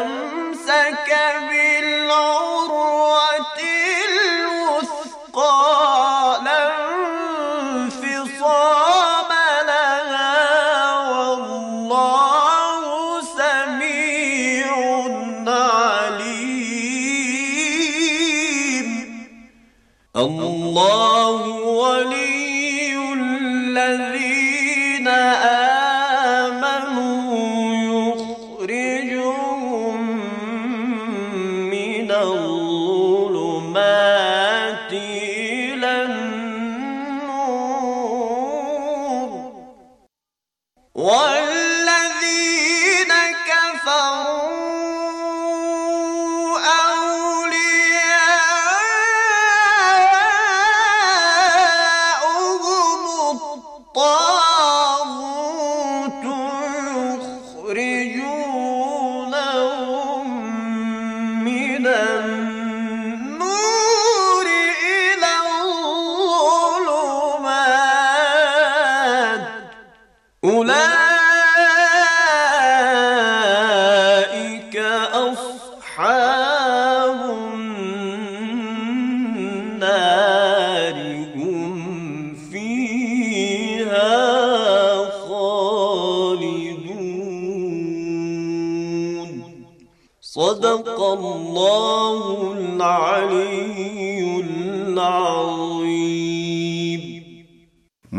أمسك به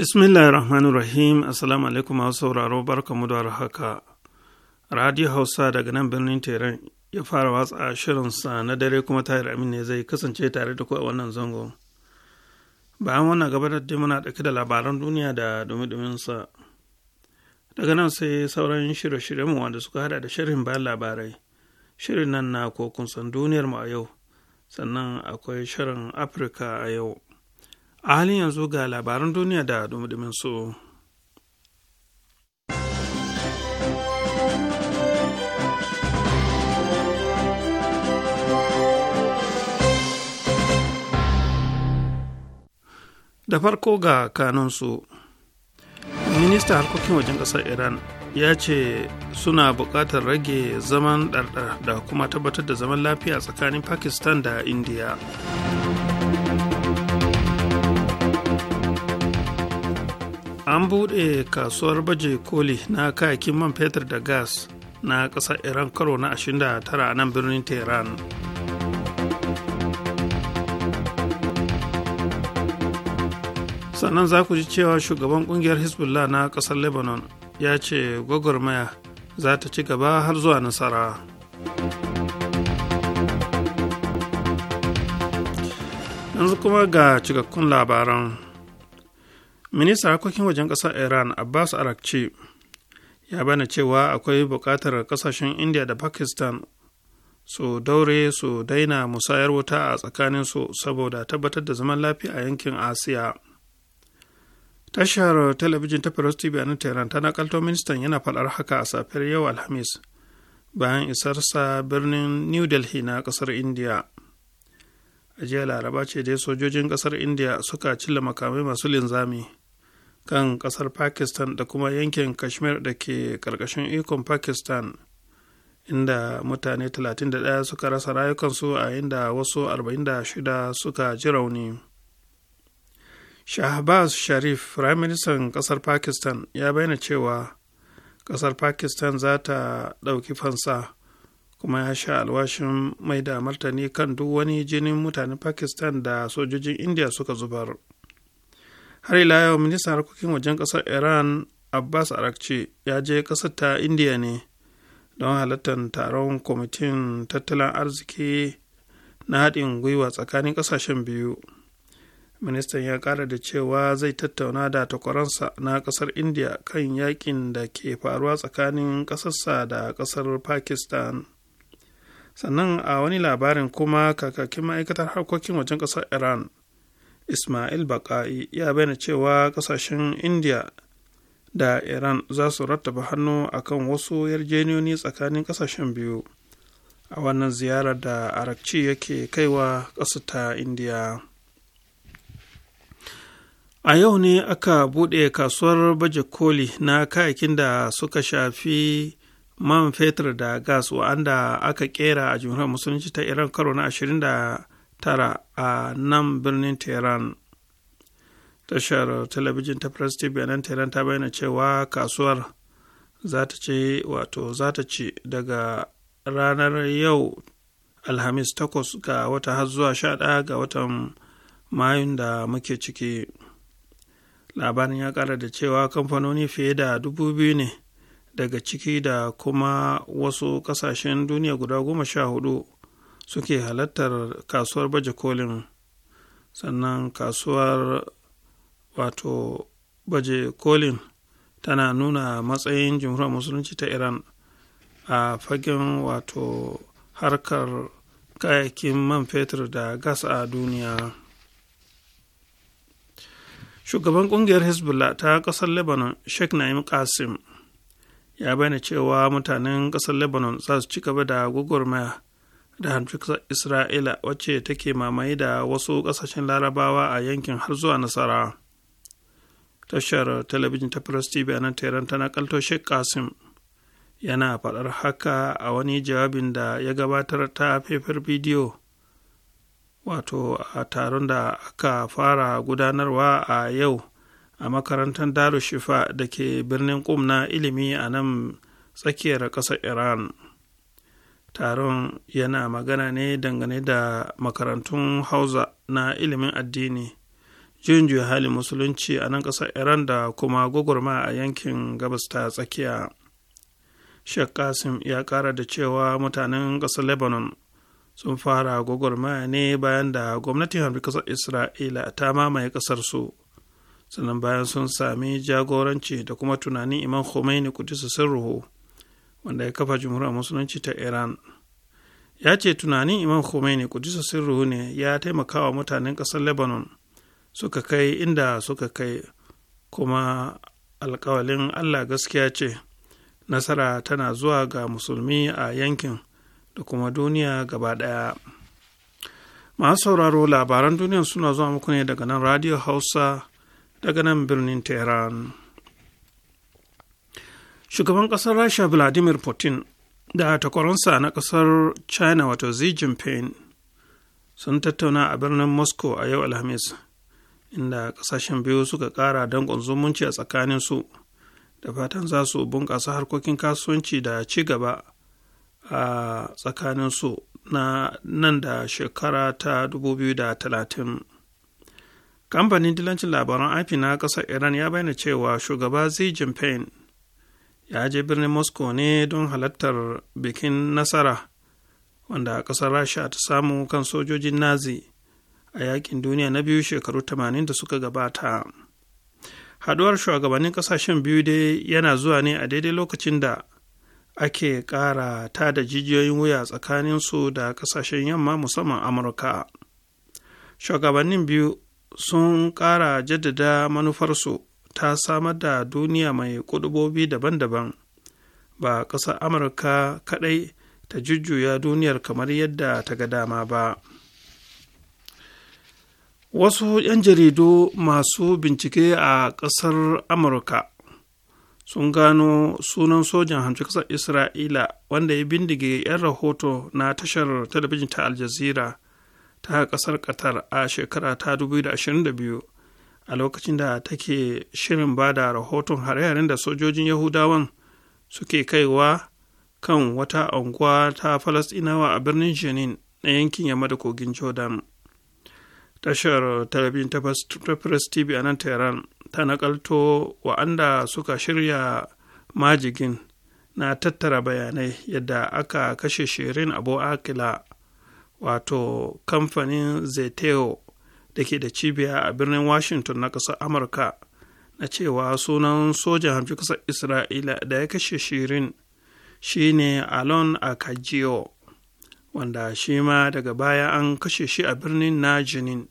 Bismillahir Rahmanir Rahim, Assalamu alaikum masu sauraro barkamu da haka. Radio Hausa daga nan birnin teran ya fara watsa shirinsa na dare kuma Tahir Amin ne zai kasance tare da ku a wannan zango. Bayan wannan gabatar da muna ɗauke da labaran duniya da dumi sa. Daga nan sai sauran shirye mu wanda suka hada da shirin bayan labarai. Shirin nan na kokun san duniyar mu a yau, sannan akwai shirin Afirka a yau. a halin yanzu ga labaran duniya da dumudumin su da farko ga kanunsu minista harkokin wajen ƙasar iran ya ce suna buƙatar rage zaman ɗarɗar da kuma tabbatar da zaman lafiya tsakanin pakistan da indiya an buɗe kasuwar baje koli na kayakin man fetur da gas na ƙasar iran karo na 29 a nan birnin tehran sannan za ku ji cewa shugaban kungiyar hezbollah na ƙasar lebanon ya ce gwagwarmaya za ta ci gaba har zuwa nasara yanzu kuma ga cikakkun labaran ministan harkokin wajen ƙasar iran abbas arakci ya bana cewa akwai buƙatar ƙasashen india da pakistan su daure su daina musayar wuta a tsakaninsu saboda tabbatar da zaman lafiya a yankin asiya tashar talabijin ta Firas TV a nan Tehran ta nakalto ministan yana faɗar haka a safiyar yau Alhamis bayan isarsa birnin New Delhi na ƙasar India. A jiya Laraba ce dai sojojin ƙasar India suka cilla makamai masu linzami kan kasar pakistan da kuma yankin kashmir da ke karkashin ikon pakistan inda mutane 31 suka rasa rayukansu a inda wasu 46 suka ji rauni shahbaz sharif firaministan kasar pakistan ya bayyana cewa ƙasar pakistan za ta ɗauki fansa kuma ya sha alwashin mai da martani kan duk wani jinin mutanen pakistan da sojojin india suka zubar har ila yau ministan harkokin wajen kasar iran abbas arakci ya je kasar ta indiya ne don halartar taron kwamitin tattalin arziki na haɗin gwiwa tsakanin ƙasashen biyu ministan ya ƙara da cewa zai tattauna da takwaransa na ƙasar indiya kan yakin da ke faruwa tsakanin ƙasarsa da ƙasar pakistan sannan a wani labarin kuma kakakin ma'aikatar harkokin wajen ƙasar iran ismail baka'i ya bayyana cewa kasashen india da iran za su rattaba hannu akan wasu yarjejeniyoyi tsakanin kasashen biyu a wannan ziyarar da arakci yake kaiwa ƙasar ta indiya a yau ne aka buɗe kasuwar baje koli na kayakin da suka shafi man fetur da gas wa'anda aka kera a jimhuriyar musulunci ta iran karo na tara a nan birnin tehran tashar talabijin ta press tv a nan tehran ta bayyana cewa kasuwar za ta ce wato za ta ci daga ranar yau alhamis takwas ga wata har zuwa 11 ga watan mayun da muke ciki labarin ya ƙara da cewa kamfanoni fiye da dubu biyu ne daga ciki da kuma wasu ƙasashen duniya guda goma sha hudu suke halartar kasuwar baje kolin sannan kasuwar wato baje kolin tana nuna matsayin jamhuriyar musulunci ta iran a fagen wato harkar kayakin man fetur da gas a duniya shugaban kungiyar hezbollah ta kasar lebanon sheikh na'im qasim ya bayyana cewa mutanen kasar lebanon za su ci gaba da gugurmaya da hamshiksa isra'ila wacce take mamaye da wasu ƙasashen larabawa a yankin har zuwa nasara tashar talabijin ta press tv a nan tehran tana kalto sheikh kasim yana faɗar haka a wani jawabin da ya gabatar ta faifar bidiyo wato a taron da aka fara gudanarwa a yau a makarantar darushifa da ke birnin ƙum na ilimi a nan tsakiyar ƙasar iran taron yana magana ne dangane da makarantun hausa na ilimin addini juyin juya halin musulunci a nan ƙasar iran da kuma gwagwarma a yankin gabas ta tsakiya sheikh kasim ya ƙara da cewa mutanen ƙasar lebanon sun fara gwagwarma ne bayan da gwamnatin hamdu ƙasar isra'ila ta mamaye ƙasar su sannan bayan sun sami jagoranci da kuma tunanin imam khomeini kudisa sirruhu wanda ya kafa jumhuriyar musulunci ta iran ya ce tunanin imam khomeini kudisa sirruhu ne ya taimaka wa mutanen ƙasar lebanon suka kai inda suka kai kuma alkawalin allah gaskiya ce nasara tana zuwa ga musulmi a yankin da kuma duniya gaba ɗaya masu sauraro labaran duniya suna zuwa muku ne daga nan radio hausa daga nan birnin tehran shugaban ƙasar rasha vladimir putin da takwaransa na ƙasar china wato xi jinping sun tattauna a birnin moscow a yau alhamis inda ƙasashen biyu suka ƙara danƙon zumunci a tsakaninsu da fatan za su bunƙasa harkokin kasuwanci da ci gaba a tsakaninsu na nan da shekara ta 2030 kamfanin dilancin labaran afi na ƙasar iran ya bayyana cewa shugaba xi jinping ya je birnin moscow ne don halartar bikin nasara wanda ƙasar rasha ta samu kan sojojin nazi a yakin duniya na biyu shekaru 80 da suka gabata haduwar shugabannin kasashen biyu dai yana zuwa ne a daidai lokacin da ake ƙara ta da jijiyoyin wuya tsakanin su da kasashen yamma musamman amurka shugabannin biyu sun ƙara jaddada manufarsu ta samar da duniya mai kudubobi daban-daban ba ƙasar amurka kaɗai ta jujjuya duniyar kamar yadda ta ga dama ba wasu 'yan jaridu masu bincike a ƙasar amurka sun gano sunan sojan hamci ƙasar isra'ila wanda ya bindige 'yan rahoto na tashar talabijin ta aljazira ta ƙasar qatar a shekara ta 2022 a lokacin da take shirin ba da rahoton hare-haren da sojojin yahudawan suke kaiwa kan wata unguwa ta falasɗinawa a birnin jenin na yankin yamma da kogin jordan tashar talabijin ta press tv a nan tehran ta nakalto wa'anda suka shirya majigin na tattara bayanai yadda aka kashe shirin abu akila wato kamfanin zeteo da ke da cibiya a birnin washington na ƙasar amurka na cewa sunan sojan hamshi ƙasar isra'ila da ya kashe shirin shine alon akajiyo wanda shi ma daga baya an kashe shi a birnin najinin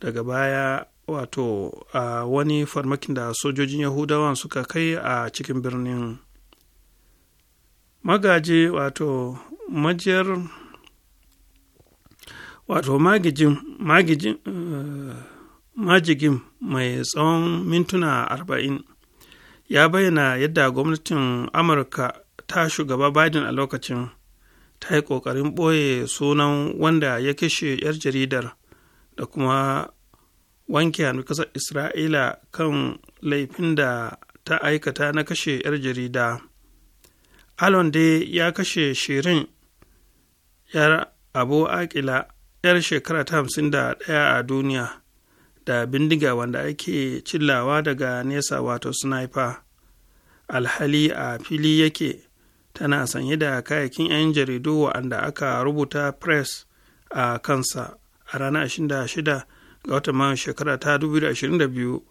daga baya wato a wani farmakin da sojojin yahudawan suka kai a cikin birnin magaji wato majiyar wato magijin majigin eh, mai tsawon mintuna arba'in ya bayyana yadda gwamnatin amurka ta shugaba biden a lokacin ta yi ƙoƙarin ɓoye sunan wanda ya kashe 'yar jaridar da kuma wanke hannu ƙasar isra'ila kan laifin da ta aikata na kashe 'yar jarida alon dai ya kashe shirin 'yar abu aƙila. 'yar shekara ta hamsin da ɗaya a duniya da bindiga wanda ake cillawa daga nesa wato sniper alhali a fili yake tana sanye da kayakin 'yan jaridu wa'anda aka rubuta press a kansa a ranar 26 ga watan mayu shekara ta 2022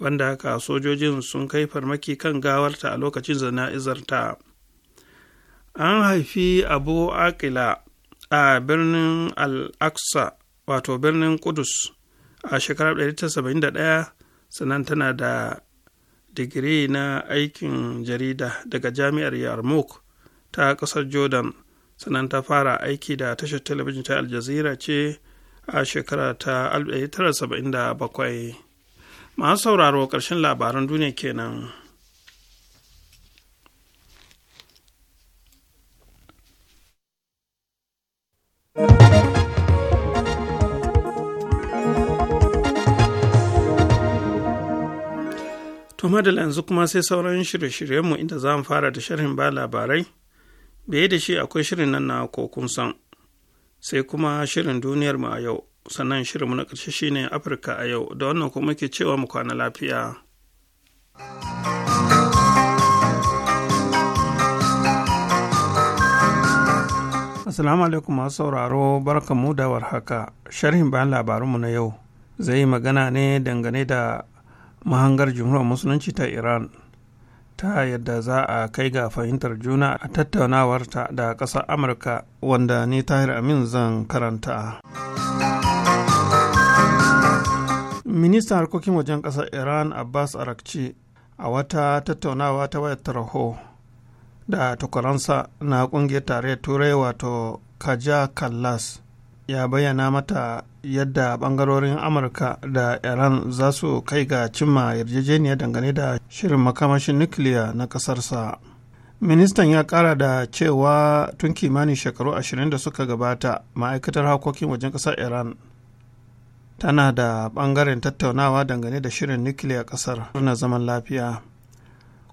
wanda haka sojojin sun kai farmaki kan gawarta a lokacin zana'izarta an haifi abu akila a birnin al-aqsa wato birnin kudus a shekarar 1971 sannan tana da digiri na aikin jarida daga jami'ar yarmouk ta kasar jordan sannan ta fara aiki da tashar talabijin ta aljazira ce a shekara ta 1977 masu sauraro ƙarshen labaran duniya kenan. To madal yanzu kuma sai sauran shirye-shiryenmu inda za mu fara da sharhin ba labarai, biye da shi akwai shirin nan na kokun san, sai kuma shirin duniyarmu a yau, sannan shirinmu na ƙarshe shine Afirka a yau, da wannan kuma ke cewa mu kwana lafiya. Assalamu alaikum masu sauraro barkanmu da warhaka. Sharhin bayan labarunmu na yau zai yi magana ne dangane da mahangar jumhuriyar musulunci ta Iran ta yadda za a kai ga fahimtar juna a tattaunawarta da ƙasar Amurka wanda ni Tahir Amin zan karanta. Ministan harkokin wajen ƙasar Iran Abbas Arakci a wata tattaunawa ta wayar tarho. da tukuransa na kungiyar tare turai wato kaja kallas ya bayyana mata yadda bangarorin amurka da iran za su kai ga cimma yarjejeniya dangane da shirin makamashin nukiliya na kasarsa ministan ya kara da cewa tun kimanin shekaru 20 da suka gabata ma'aikatar harkokin wajen kasar iran tana da bangaren tattaunawa dangane da shirin nukiliya kasar na zaman lafiya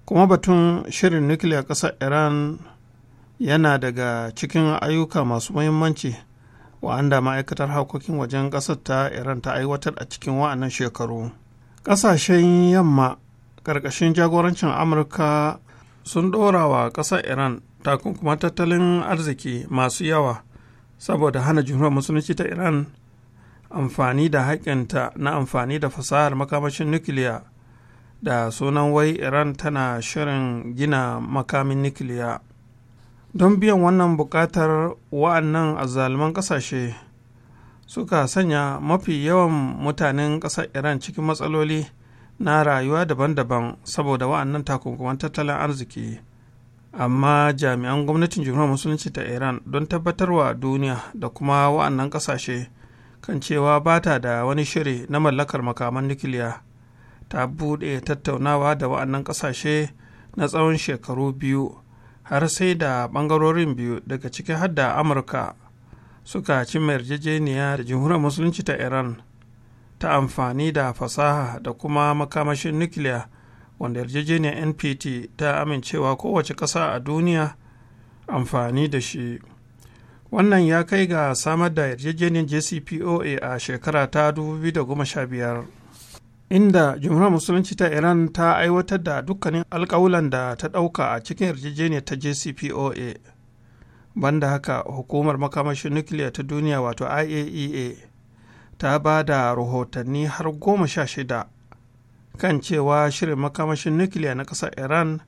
kuma batun shirin nukiliya ƙasar iran yana daga cikin ayyuka masu muhimmanci wa'anda ma'aikatar harkokin wajen ƙasar ta iran ta aiwatar a cikin wa'annan shekaru ƙasashen yamma ƙarƙashin jagorancin amurka sun ɗora wa ƙasar iran takunkuma tattalin arziki masu yawa saboda hana jumhuriyar musulunci ta iran amfani da haƙƙinta na amfani da fasahar makamashin nukiliya da sunan wai iran tana shirin gina makamin nukiliya don biyan wannan bukatar wa'annan azzaluman kasashe suka sanya mafi yawan mutanen ƙasar iran cikin matsaloli na rayuwa daban-daban saboda wa'annan takunkuman tattalin arziki amma jami'an gwamnatin jihar musulunci ta iran don tabbatarwa duniya da kuma wa'annan ƙasashe kan cewa ba ta da wani shiri na mallakar makaman nukiliya ta buɗe tattaunawa da wa'annan ƙasashe na tsawon shekaru biyu har sai da ɓangarorin biyu daga ciki har da amurka suka cimma yarjejeniya da jamhuriyar musulunci ta iran ta amfani da fasaha da kuma makamashin nukiliya wanda yarjejeniyar npt ta amincewa kowace ƙasa a duniya amfani da shi wannan ya kai ga samar da yarjejeniyar jcpoa a shekara ta 2015 inda jumhuriyar musulunci ta iran ta aiwatar da dukkanin alkawulan da ta ɗauka a cikin yarjejeniyar ta jcpoa banda haka hukumar makamashin nukiliya ta duniya wato iaea e ta ba da rahotanni har goma sha shida kan cewa shirin makamashin nukiliya na ƙasar iran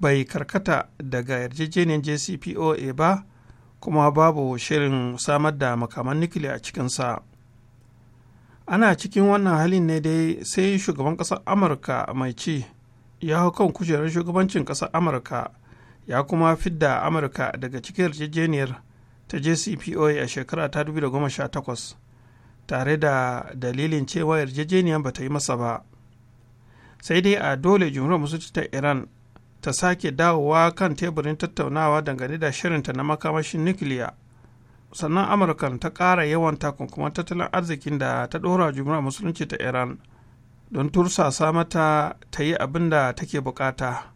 bai karkata daga yarjejeniyar jcpoa ba kuma babu shirin samar da makaman nukiliya a cikinsa ana cikin wannan halin ne dai sai shugaban ƙasar amurka mai ci ya hau kan kujerar shugabancin ƙasar amurka ya kuma fidda amurka daga cikin yarjejeniyar ta jcpoa a shekara ta 2018 tare da dalilin cewa yarjejeniyar ba ta yi masa ba sai dai a dole jumhuriyar musulci ta iran ta sake dawowa kan teburin tattaunawa dangane da shirinta na makamashin nukiliya sannan amurkan ta ƙara yawan takunkuman tattalin arzikin da ta ɗora jumhuriyar musulunci ta iran don tursasa mata ta yi abin da take bukata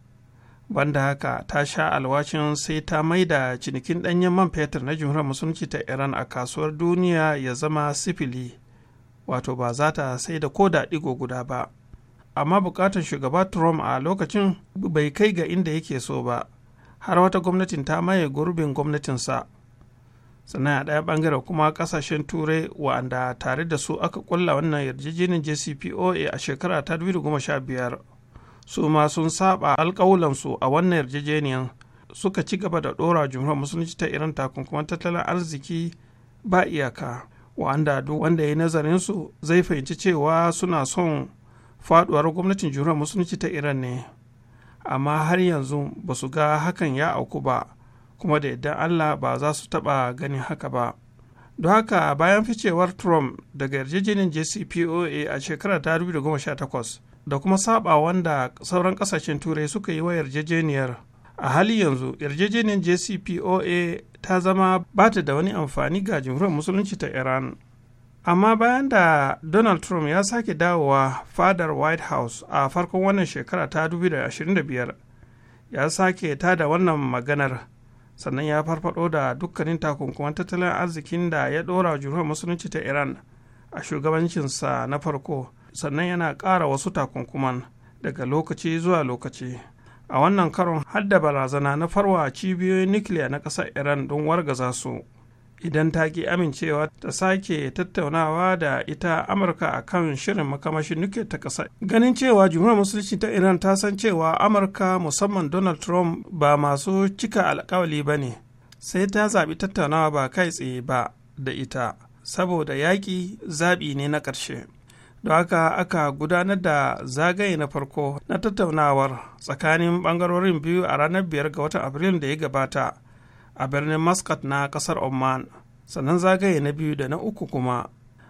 banda haka ta sha alwashin sai ta mai da cinikin ɗanyen man fetur na jumhuriyar musulunci ta iran a kasuwar duniya ya zama sifili wato ba za ta sai da koda ɗigo guda ba amma bukatar shugaba trump a lokacin bai kai ga inda yake so ba har wata gwamnatin ta maye gurbin gwamnatinsa sannan a ɗaya kuma ƙasashen turai wa'anda tare da su aka ƙulla wannan yarjejeniyar jcpoa a shekara ta 2015 su ma sun saba alƙawulansu a wannan yarjejeniyar suka ci gaba da ɗora jumhuriyar musulunci ta iran takunkuman tattalin arziki ba iyaka wa'anda duk wanda ya yi nazarin su zai fahimci cewa suna son faduwar gwamnatin jumhuriyar musulunci ta iran ne amma har yanzu ba su ga hakan ya auku ba kuma da idan Allah ba za su taɓa ganin haka ba. Don haka bayan ficewar Trump daga yarjejeniyar JCPOA a shekarar 2018 da kuma saba wanda sauran ƙasashen turai suka yi wa yarjejeniyar a hali yanzu yarjejeniyar JCPOA ta zama ba ta da wani amfani ga jimhuriyar musulunci ta Iran. amma bayan da donald trump ya sake dawowa fadar white house a farkon wannan shekara ta 2025 ya sake ta da wannan maganar sannan ya farfado da dukkanin takunkuman tattalin arzikin da ya dora juriyar musulunci ta iran a shugabancinsa na farko sannan yana ƙara wasu takunkuman daga lokaci zuwa lokaci a wannan karon hadda barazana na farwa cibiyoyin nukiliya na ƙasar iran don wargaza su idan ta ki amincewa ta sake tattaunawa da ita amurka a kan shirin makamashin nuke ta ƙasa ganin cewa jumhuriyar musulunci ta iran ta san cewa amurka musamman donald trump ba masu cika alkawali ba ne sai ta zaɓi tattaunawa ba kai tsaye ba da ita saboda yaƙi zaɓi ne na ƙarshe Da haka aka gudanar da zagaye na farko na tattaunawar tsakanin ɓangarorin biyu a ranar biyar ga watan afrilu da ya gabata a birnin muscat na kasar oman sannan zagaye na biyu da na uku kuma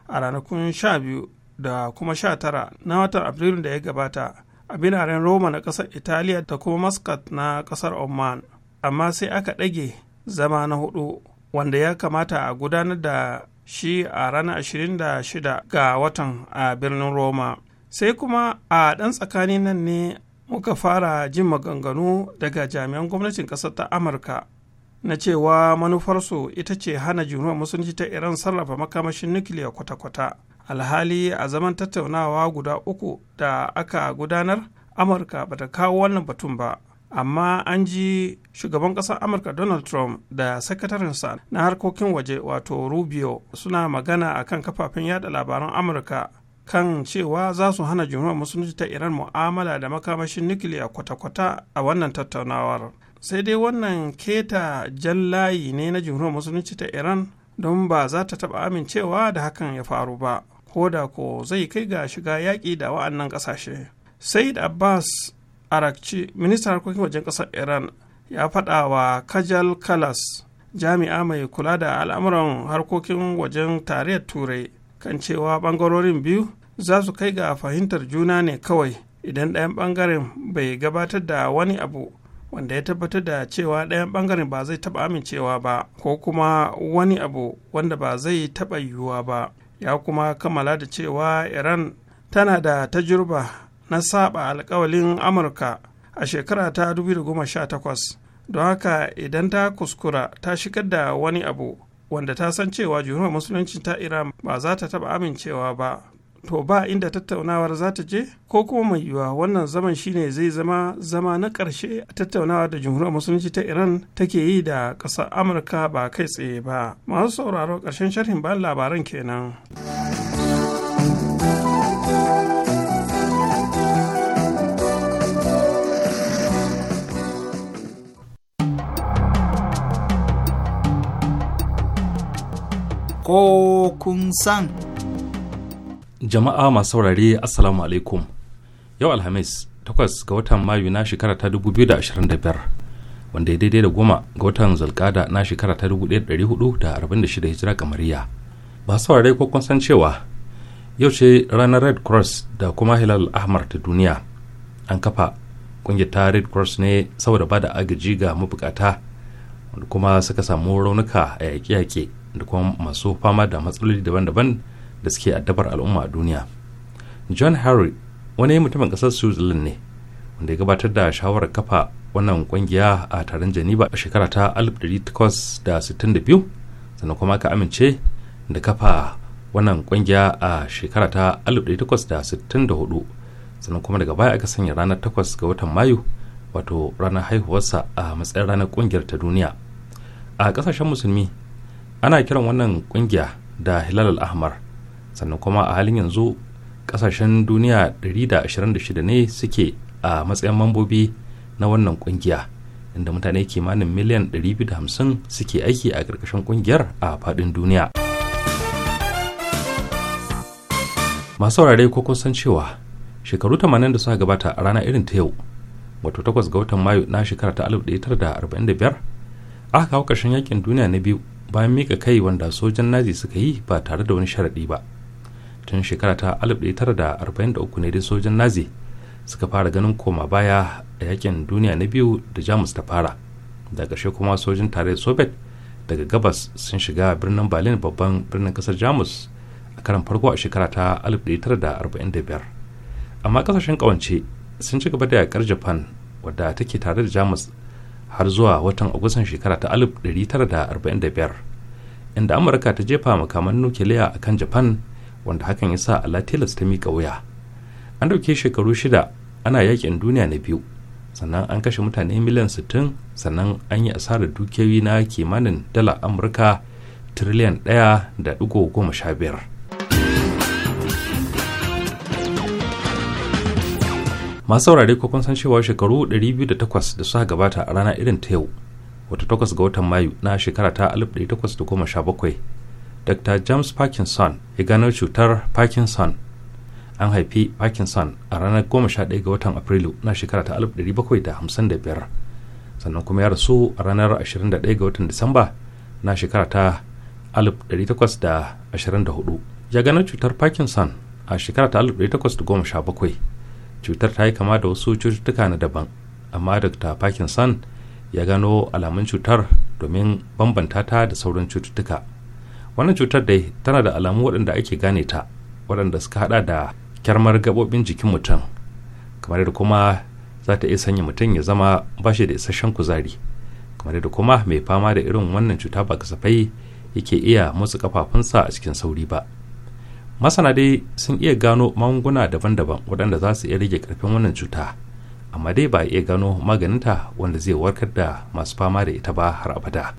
a ranakun sha biyu da kuma sha tara na watan afrilun da ya gabata a binaren roma na kasar italiya da kuma muscat na kasar oman amma sai aka ɗage zama na hudu wanda ya kamata a gudanar da shi a ranar 26 ga watan a birnin Roma. Sai kuma a ɗan tsakanin nan ne muka fara jin maganganu daga jami'an gwamnatin ƙasar ta Amurka na cewa manufarsu ita ce hana junuwar musulunci ta iran sarrafa makamashin nukiliya kwata-kwata alhali a zaman tattaunawa guda uku da aka gudanar amurka bata kawo wannan batun ba amma an ji shugaban ƙasar amurka donald trump da sakatarinsa na harkokin waje wato rubio suna magana a kan kafafen yada labaran amurka kan cewa za su hana junuwar musulunci ta iran mu'amala da makamashin nukiliya kwata-kwata a wannan tattaunawar sai dai wannan keta jallayi ne na jumhuriyar musulunci ta iran don ba za ta taba amincewa da hakan ya faru ba ko da ko zai kai ga shiga yaƙi da wa'annan ƙasashe said abbas arakci ministan harkokin wajen ƙasar iran ya faɗa wa kajal kalas jami'a mai kula da al'amuran harkokin wajen tarayyar turai kan cewa ɓangarorin biyu za su kai ga fahimtar juna ne kawai idan ɗayan ɓangaren bai gabatar da wani abu wanda ya tabbatar da cewa ɗayan ɓangaren ba zai taɓa amincewa ba ko kuma wani abu wanda ba zai taɓa yiwuwa ba ya kuma kammala da cewa iran tana da tajurba na saba alkawalin amurka a shekara ta 2018 don haka idan ta kuskura ta shigar da wani abu wanda ta san cewa juhuwar musulunci ta iran ba za ta taɓa amincewa ba to ba inda tattaunawar za ta je ko kuma mai yiwuwa wannan zaman shine zai zama zama na ƙarshe a tattaunawa da jamhuriyar musulunci ta iran take yi da ƙasar amurka ba kai tsaye ba masu sauraro ƙarshen sharhin bayan labaran kenan. ko kun san. jama'a masu saurare assalamu alaikum yau alhamis 8 ga watan mayu na shekara ta 2025 wanda ya daidai da goma ga watan zalgada na shekara ta 1446 hijira kamariya ba saurare ko kun san cewa yau ce ranar red cross da kuma hilal ahmar ta duniya an kafa kungiyar ta red cross ne saboda ba da agaji ga mabukata wanda kuma suka samu raunuka a yaƙe-yaƙe da kuma masu fama da matsaloli daban-daban da suke addabar al'umma a duniya john harry wani mutumin kasar switzerland ne wanda ya gabatar da shawarar kafa wannan kungiya a taron janiba a shekara ta 1862 sannan kuma aka amince da kafa wannan kungiya a shekara ta 1864 sannan kuma daga baya aka sanya ranar 8 ga watan mayu wato ranar haihuwarsa a matsayin ranar kungiyar ta duniya a kasashen musulmi ana kiran wannan kungiya da hilal al-ahmar sannan kuma a halin yanzu kasashen duniya 126 ne suke a matsayin mambobi na wannan kungiya inda mutane kimanin miliyan 250 suke aiki a ƙarƙashin kungiyar a faɗin duniya masu saurare ko kun cewa shekaru 80 da suka gabata a rana irin ta yau wato 8 ga watan mayu na shekara ta 1945 aka kawo ƙarshen yakin duniya na biyu bayan mika kai wanda sojan nazi suka yi ba tare da wani sharaɗi ba tun shekara ta 1943 ne dai sojan nazi suka fara ganin koma baya a yakin duniya na biyu da jamus ta fara daga ƙarshe kuma sojin tarayyar soviet daga gabas sun shiga birnin berlin babban birnin kasar jamus a karan farko a shekara ta 1945 amma kasashen kawance sun ci gaba da yakar japan wadda take tare da jamus har zuwa watan agustan shekara ta 1945 inda amurka ta jefa makaman nukiliya a kan japan wanda hakan ya sa ala tilas ta miƙa wuya an ɗauke shekaru shida ana yakin duniya na biyu sannan an kashe mutane miliyan sittin sannan an yi asarar dukiyoyi na kimanin dala amurka tiriliyan 1.15 masu saurare ko kun san cewa shekaru 208 da suka gabata a rana irin ta yau wata 8 ga watan mayu na shekara ta bakwai. dr james parkinson ya gano cutar parkinson an haifi parkinson a ranar 11 ga watan afrilu na shekara ta 1755 sannan kuma ya rasu a ranar 21 ga watan disamba na shekara ta 1824 ya gano cutar parkinson a shekara ta 1817 cutar ta yi kama da wasu cututtuka na daban amma dr parkinson ya gano alamun cutar domin bambanta ta da sauran cututtuka wannan cutar dai tana da alamu waɗanda ake gane ta waɗanda suka hada da kyarmar gaɓoɓin jikin mutum kamar da kuma za ta iya sanya mutum ya zama ba shi da isasshen kuzari kamar da kuma mai fama da irin wannan cuta ba kasafai yake iya motsa kafafunsa a cikin sauri ba masana dai sun iya gano magunguna daban-daban waɗanda za su iya rage ƙarfin wannan cuta amma dai ba iya gano maganinta wanda zai warkar da masu fama da ita ba har abada.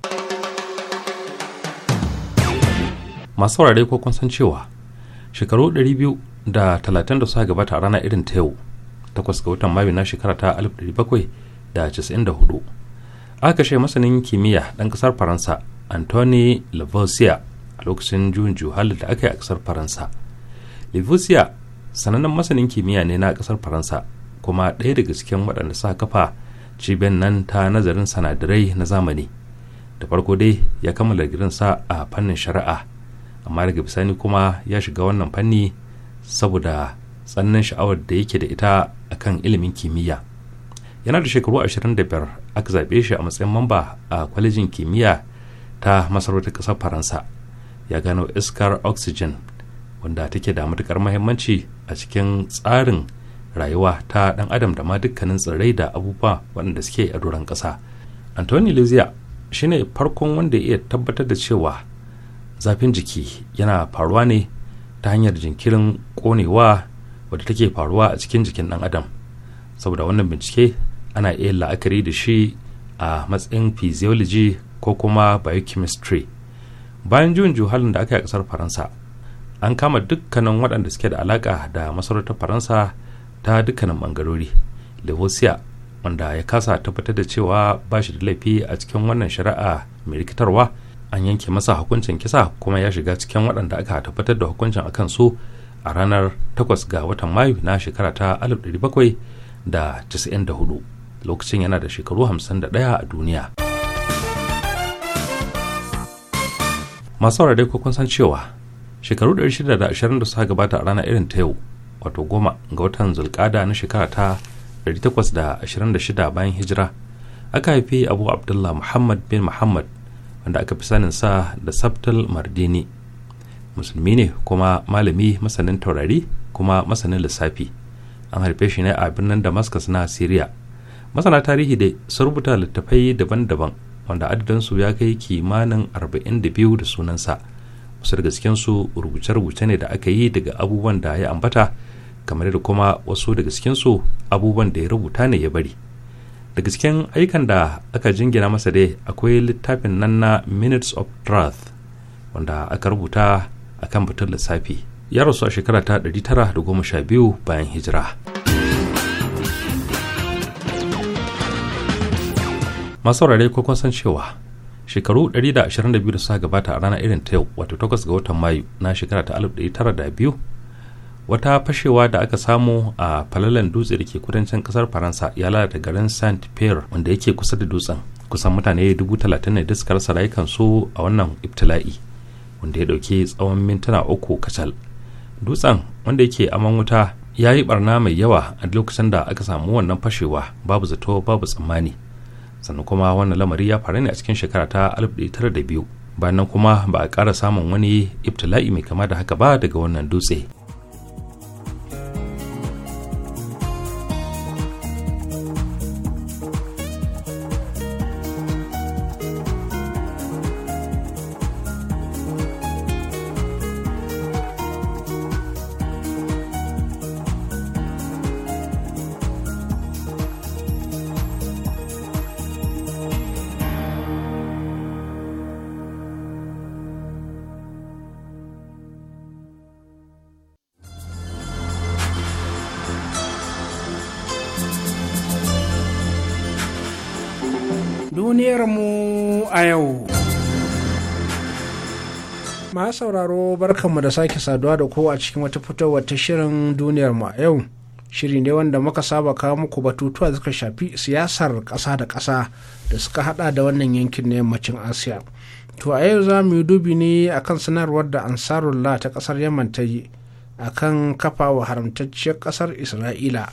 masu saurare ko kun san cewa shekaru 230 da suka gabata a rana irin ta yau takwas ga watan mayu na shekara ta 1794 aka kashe masanin kimiyya ɗan ƙasar faransa antoni lavoisier a lokacin juyin juhal da aka yi a kasar faransa lavoisier sanannen masanin kimiyya ne na kasar faransa kuma ɗaya daga cikin waɗanda suka kafa cibiyar nan ta nazarin sanadarai na zamani da farko dai ya kammala girinsa a fannin shari'a amma daga bisani kuma ya shiga wannan fanni saboda tsannan sha'awar da yake da ita akan ilimin kimiyya yana da shekaru 25 aka zaɓe shi a matsayin mamba a kwalejin kimiyya ta masarautar ƙasar faransa ya gano iskar oxygen wanda take da matuƙar mahimmanci a cikin tsarin rayuwa ta ɗan adam da ma dukkanin tsirrai da abubuwa waɗanda suke a doron ƙasa antoni lizia shine farkon wanda ya iya tabbatar da cewa zafin jiki yana faruwa ne ta hanyar jinkirin konewa wadda take faruwa a cikin jikin ɗan adam saboda wannan bincike ana iya la'akari da shi a matsayin physiology ko kuma biochemistry bayan juyin juhalin da aka yi a ƙasar faransa an kama dukkanin waɗanda suke da alaƙa da masarautar faransa ta dukkanin ɓangarori levosia wanda ya kasa tabbatar da cewa ba shi da laifi a cikin wannan shari'a mai rikitarwa an yanke masa hukuncin kisa kuma ya shiga cikin waɗanda aka tabbatar da hukuncin a kansu a ranar 8 ga watan mayu na shekara ta 1794 lokacin yana da shekaru 51 a duniya masu saurare ko san cewa shekaru 620 da suka gabata a rana irin ta yau wato goma ga watan zulkada na shekara ta 826 bayan hijira aka haifi abu abdullah muhammad bin muhammad wanda aka fi sanin sa da sabtal Mardini musulmi ne kuma malami masanin taurari kuma masanin lissafi an haife shi ne a birnin Damascus na Syria masana tarihi da sun rubuta littattafai daban-daban wanda adadinsu ya kai kimanin 42 da sunansa wasu daga cikinsu rubuce-rubuce ne da aka yi daga abubuwan da ya ambata kamar da kuma wasu daga cikinsu abubuwan da ya rubuta ne ya bari daga cikin aikan da aka jingina masa dai akwai littafin nan na minutes of truth wanda aka rubuta a kan batun lissafi ya rasu a shekara ta 912 bayan hijira masu wurare ko kun cewa shekaru 122 da suka gabata a ranar irin ta yau wato 8 ga watan mayu na shekara ta 1902 wata fashewa da aka samu a falalan dutse da ke kudancin kasar faransa ya lalata garin saint pierre wanda yake kusa da dutsen kusan mutane dubu talatin ne suka rasa rayukansu a wannan ibtila'i wanda ya dauke tsawon mintuna uku kacal dutsen wanda yake aman wuta ya yi barna mai yawa a lokacin da aka samu wannan fashewa babu zato babu tsammani sannan kuma wannan lamari ya faru ne a cikin shekara ta 1902 bayan kuma ba a kara samun wani ibtila'i mai kama da haka ba daga wannan dutse mu a yau. Masu sauraro barkanmu da sake saduwa da kowa a cikin wata fitowar ta shirin duniyar mu a yau. Shiri ne wanda muka saba kawo muku batutuwa suka shafi siyasar ƙasa da ƙasa da suka hada da wannan yankin na yammacin Asiya. To a yau za mu yi dubi ne akan sanarwar da Ansarullah ta ƙasar Yaman ta yi akan kafa wa haramtacciyar ƙasar Isra'ila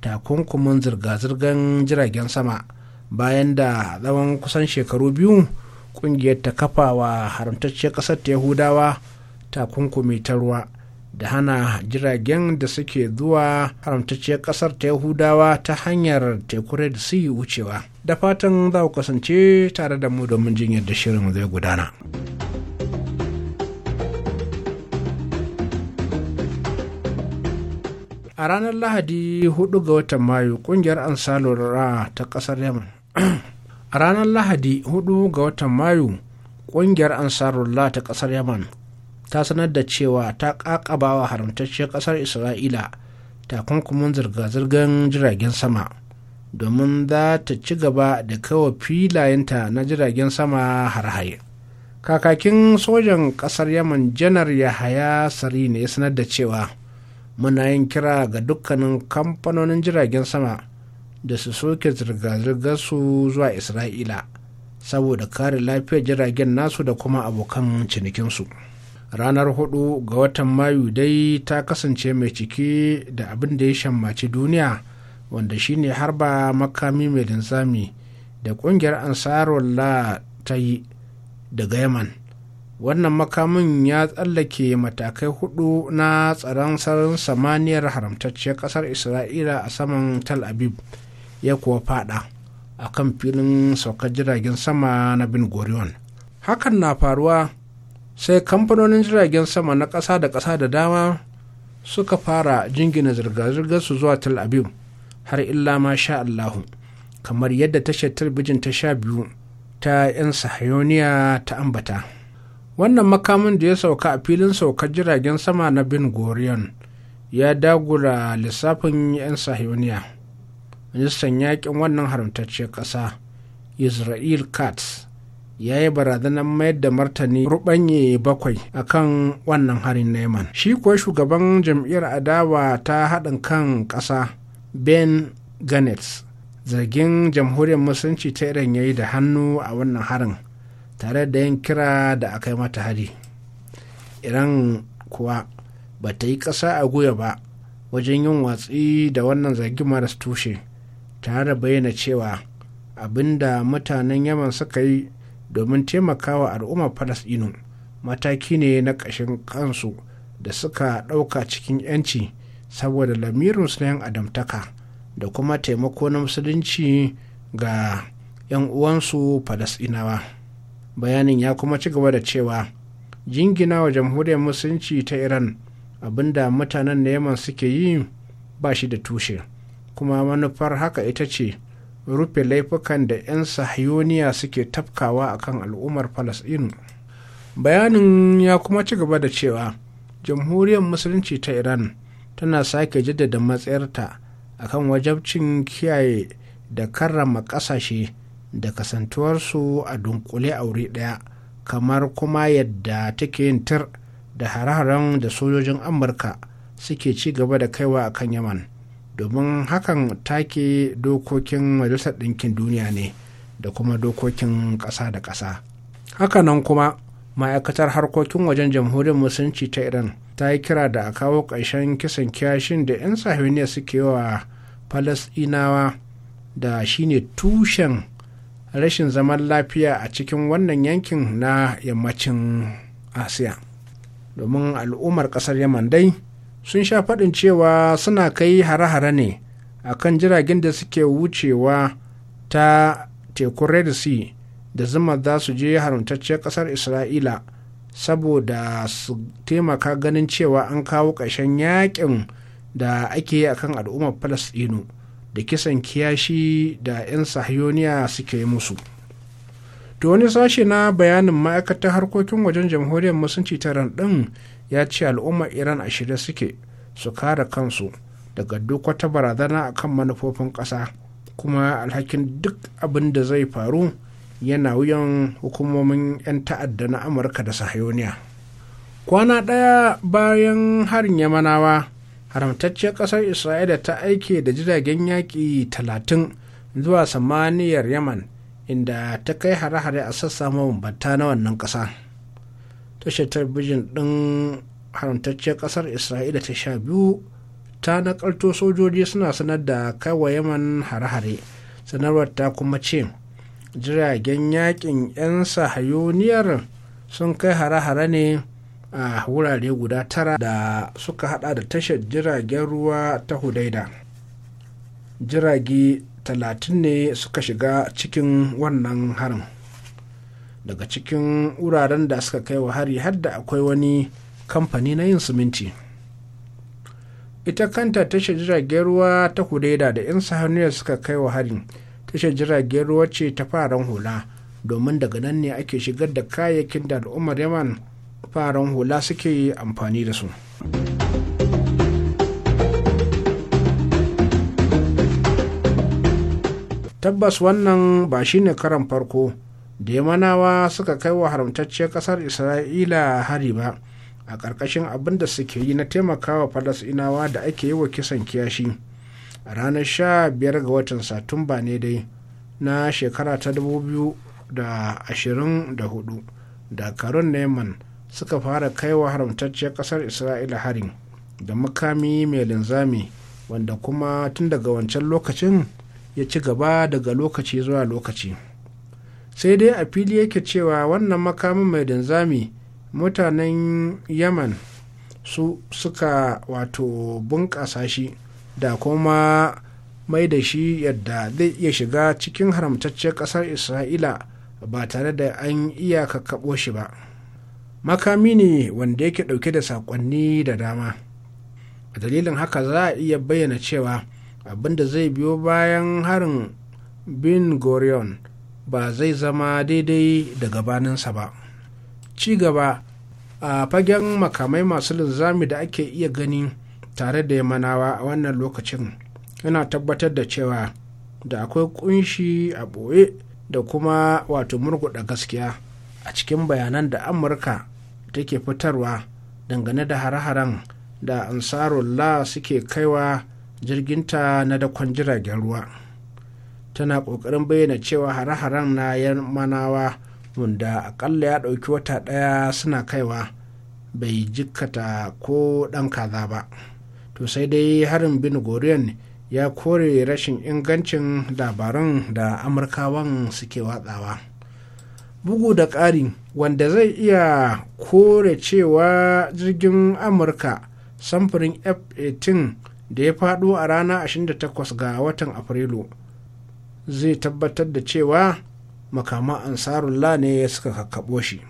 takunkumin zirga-zirgar jiragen sama. bayan da tsawon kusan shekaru biyu kungiyar ta kafa wa haramtacciyar ƙasar ta yahudawa takunkumi ta ruwa da hana jiragen da suke zuwa haramtacciyar ƙasar ta yahudawa ta hanyar teku red sea wucewa da fatan za ku kasance tare da mu domin jin yadda shirin zai gudana. a ranar lahadi 4 ga watan mayu kungiyar ansalur ra ta kasar yaman a ranar lahadi 4 ga watan mayu kungiyar ansarullah ta kasar yaman ta sanar da cewa ta ƙaƙabawa haramtacciyar kasar isra'ila takunkumin zirga-zirgar jiragen sama domin za ta ci gaba da kawo filayenta na jiragen sama har-haye kakakin sojan kasar yaman janar yahaya sari ne ya sanar da cewa muna yin kira ga dukkanin kamfanonin jiragen sama da su soke zirga-zirgar su zuwa isra'ila saboda kare lafiyar jiragen nasu da kuma abokan cinikinsu ranar huɗu ga watan mayu dai ta kasance mai ciki da abin da ya shammaci duniya wanda shine harba makami mai linzami da kungiyar ansarola ta yi daga yaman wannan makamin ya tsallake matakai hudu na tsaron sararin samaniyar haramtacciyar kasar isra'ila a saman Tal Abib, ya kuwa fada a kan filin saukar jiragen sama na bin gurion hakan na faruwa sai kamfanonin jiragen sama na ƙasa da ƙasa da dama suka fara jingina zirga-zirgar su zuwa Tal Abib, har illa ma sha allahu kamar yadda tashar talbijin ta sha biyu ta 'yan sahayoniya ta ambata wannan makamin da ya sauka a filin saukar jiragen sama na bin gorion ya dagura lissafin 'yan sahiyoniya ministan yakin wannan haramtaccen ƙasa israel katz ya yi barazanar mayar da martani rubanye bakwai a kan wannan harin neman shi kuwa shugaban jam'iyyar adawa ta haɗin kan ƙasa ben gannett zargin jamhuriyar musulunci ta iran ya yi da hannu a wannan harin tare da yin kira da aka yi mata hari iran kuwa ba ta yi ƙasa a guya ba wajen yin watsi da wannan zagi maras tushe tare da bayyana cewa abinda mutanen yaman suka yi domin taimakawa al'ummar falasɗinu mataki ne na ƙashin kansu da suka ɗauka cikin 'yanci saboda lamirinsu na 'yan adamtaka da kuma taimako na musulunci ga 'yan uwansu falasɗinawa. bayanin ya kuma ci gaba da cewa jingina wa jamhuriyar musulunci ta iran abinda mutanen na yaman suke yi ba shi da tushe kuma manufar haka ita ce rufe laifukan da 'yan sahiyoniya suke tafkawa akan al'ummar falasɗinu bayanin ya kuma ci gaba da cewa jamhuriyar musulunci ta iran tana sake jaddada matsayarta akan wajabcin kiyaye da karrama ƙasashe da kasantuwarsu a dunkule a wuri ɗaya kamar kuma yadda take yin tir da hare-haren da sojojin amurka suke ci gaba da kaiwa a kan yaman domin hakan take dokokin majalisar ɗinkin duniya ne da kuma dokokin ƙasa da ƙasa hakanan kuma ma'aikatar harkokin wajen jamhuriyar musulunci ta iran ta yi kira da a kawo ƙarshen kisan kiyashin da 'yan sahiwaniya suke wa falasɗinawa da shine tushen rashin zaman lafiya a cikin wannan yankin na yammacin asiya domin al'ummar kasar yaman dai sun sha faɗin cewa suna kai hare-hare ne a kan jiragen da suke wucewa ta tekun red sea da zuma za su je haramtacciyar ƙasar isra'ila saboda su taimaka ganin cewa an kawo ƙarshen yakin da ake yi a kan al'ummar falasɗinu da kisan kiyashi da 'yan sahiyoniya suke yi musu to wani sashe na bayanin ma'aikatar harkokin wajen jamhuriyar musulunci ta ya ce al'ummar iran a shirye suke su kare kansu daga duk wata barazana akan manufofin ƙasa kuma alhakin duk abin da zai faru yana wuyan hukumomin 'yan ta'adda na amurka da sahayoniya kwana ɗaya bayan harin yamanawa haramtacciyar ƙasar isra'ila ta aike da jiragen yaƙi talatin zuwa samaniyar yaman inda ta kai hare-hare a sassa mabambanta na wannan ƙasa tashar talabijin ɗin haramtacciyar ƙasar isra'ila ta sha biyu ta nakalto sojoji suna sanar da kaiwa yaman hare-hare sanarwar ta kuma ce jiragen yaƙin 'yan sahayoniyar sun kai hare-hare ne a wurare guda tara da suka hada da tashar jiragen ruwa ta hudaida jirage talatin ne suka shiga cikin wannan harin daga cikin wuraren da suka kai wa hari har da akwai wani kamfani na yin siminti ita kanta tashar jiragen ruwa ta hudaida da 'yan sahaniyar suka kai wa hari tashar jiragen ruwa ce ta faran hula domin daga nan ne ake shigar da kayayyakin da al'ummar yaman fararen hula suke amfani da su. tabbas wannan ba shi ne karan farko da manawa suka kai wa haramtacciyar kasar isra'ila hari ba a ƙarƙashin abin da suke yi na taimakawa falasinawa da ake yi wa kisan kiyashi a ranar sha biyar ga watan satumba ne dai na shekara ta dubu biyu da ashirin da neman suka fara kaiwa haramtacciyar kasar isra'ila harin da makami mai linzami wanda kuma tun daga wancan lokacin ya ci gaba daga lokaci zuwa lokaci sai dai a fili yake cewa wannan makamin mai linzami mutanen yaman su suka wato bunƙasa shi da kuma mai da shi yadda zai iya shiga cikin haramtacciyar ƙasar isra'ila ba tare da an iya kakkaɓo shi ba makami ne wanda yake ɗauke da saƙonni da dama a dalilin haka za a iya bayyana cewa abinda zai biyo bayan harin bin gorion ba zai zama daidai da gabaninsa ba ci gaba a fagen makamai masu linzami da ake iya gani tare da yamanawa a wannan lokacin yana tabbatar da cewa da akwai kunshi a ɓoye da kuma wato murguɗa gaskiya a cikin bayanan da amurka take fitarwa dangane da hare da ansarullah suke kaiwa jirginta na dakon jiragen ruwa tana ƙoƙarin bayyana cewa hare-haren na manawa wanda akalla ya ɗauki wata ɗaya suna kaiwa bai jikkata ko ɗan kaza ba to sai dai harin bin goriyan ya kore rashin ingancin labaran da amurkawan suke watsawa. bugu da ƙari wanda zai iya kore cewa jirgin amurka samfurin f-18 da ya faɗo a rana 28 ga watan afrilu zai tabbatar da cewa makaman ansarullah ne suka kakkaɓo shi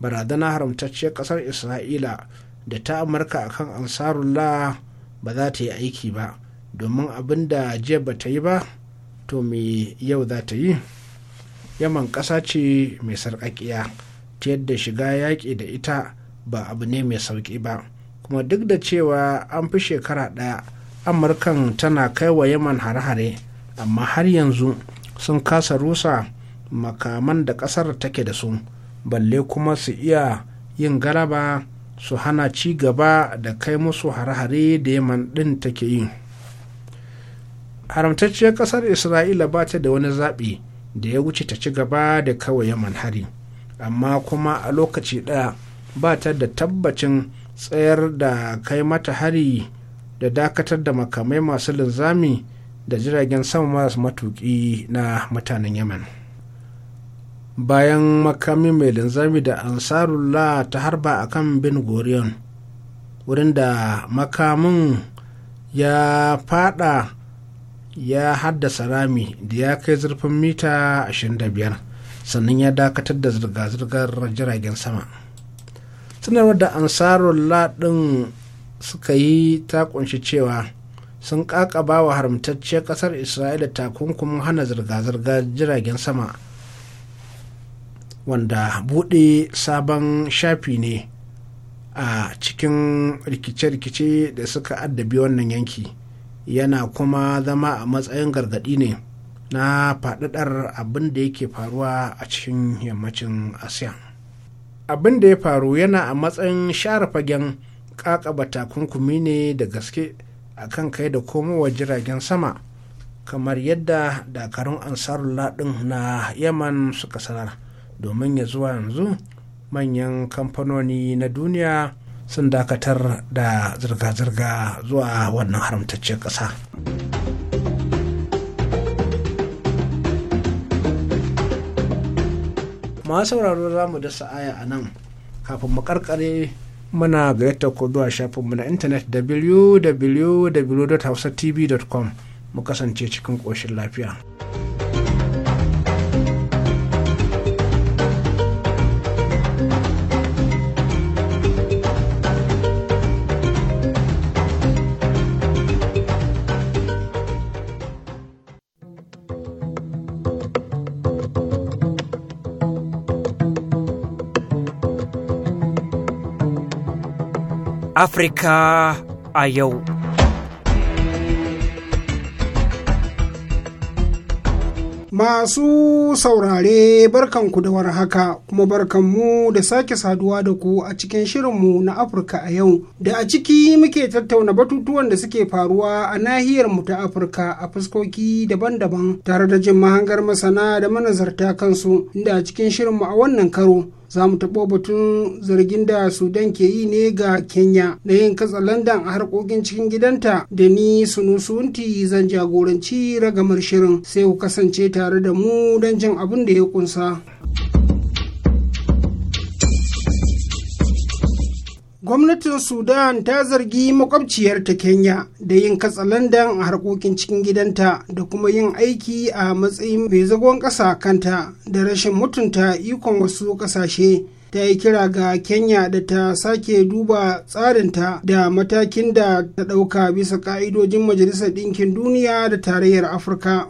barazana haramtacciyar ƙasar isra'ila da ta amurka a akan ansarullah ba za ta yi aiki ba domin abin da jiya ba ta yi ba to me yau za ta yi yaman ƙasa ce mai sarƙaƙiya ta yadda shiga yaƙi da ita ba abu ne mai sauƙi ba kuma duk da cewa an fi shekara ɗaya amurkan tana kai wa yaman hare-hare amma har yanzu sun kasa rusa makaman da ƙasar take da su balle kuma su iya yin garaba su hana ci gaba da kai musu hare-hare da yaman ɗin take yi haramtacciyar ƙasar isra'ila ba ta da wani zaɓi da ya wuce ta ci gaba da kawai yaman hari amma kuma a lokaci ɗaya ba ta da tabbacin tsayar da kai mata hari da dakatar da makamai masu linzami da jiragen sama masu matuƙi na mutanen yaman bayan makami mai linzami da ansarullah ta harba a kan bin gorion wurin da makamin ya fada ya haddasa rami da ya kai zurfin mita 25 sannan ya dakatar da zirga-zirgar jiragen sama sanarwar da ansarullah ɗin suka yi ta kunshi cewa sun kakaba wa haramtacciyar kasar isra'ila takunkumin hana zirga-zirgar jiragen sama wanda buɗe sabon shafi ne a cikin rikice-rikice da suka addabi wannan yanki. yana kuma zama a matsayin gargaɗi ne na faɗaɗar abin da yake faruwa a cikin yammacin asiya abin da ya faru yana a matsayin share fagen ƙaƙaba takunkumi ne da gaske a kan kai da komowa jiragen sama kamar yadda dakarun ansar ɗin na yaman suka sanar domin ya zuwa yanzu manyan kamfanoni na duniya sun dakatar da zirga-zirga zuwa wannan haramtaccen ƙasa. ma sauraro za mu da sa'aya a nan kafin mu karkare muna gayyata ko zuwa shafinmu na intanet www.hausatv.com mu kasance cikin ƙoshin lafiya. Afirka a yau. Masu saurare barkanku da war haka kuma barkanmu da sake saduwa da ku a cikin shirinmu na Afirka a yau da a ciki muke tattauna batutuwan da suke faruwa a nahiyar mu ta Afirka a fuskoki daban-daban tare da jin mahangar masana da manazarta kansu inda a cikin shirinmu a wannan karo za mu taɓo batun zargin da sudan ke yi ne ga kenya na yin katsalandan a harkokin cikin gidanta da ni sunti zan jagoranci ragamar shirin sai ku kasance tare da mu don jin abin da ya kunsa. gwamnatin sudan ta zargi makwabciyar ta kenya da yin katsalandan a harkokin cikin gidanta da kuma yin aiki a matsayin mai zagon ƙasa kanta da rashin mutunta ikon wasu ƙasashe ta yi kira ga kenya da ta sake duba tsarinta da matakin da ta ɗauka bisa ƙa'idojin majalisar ɗinkin duniya da tarayyar afirka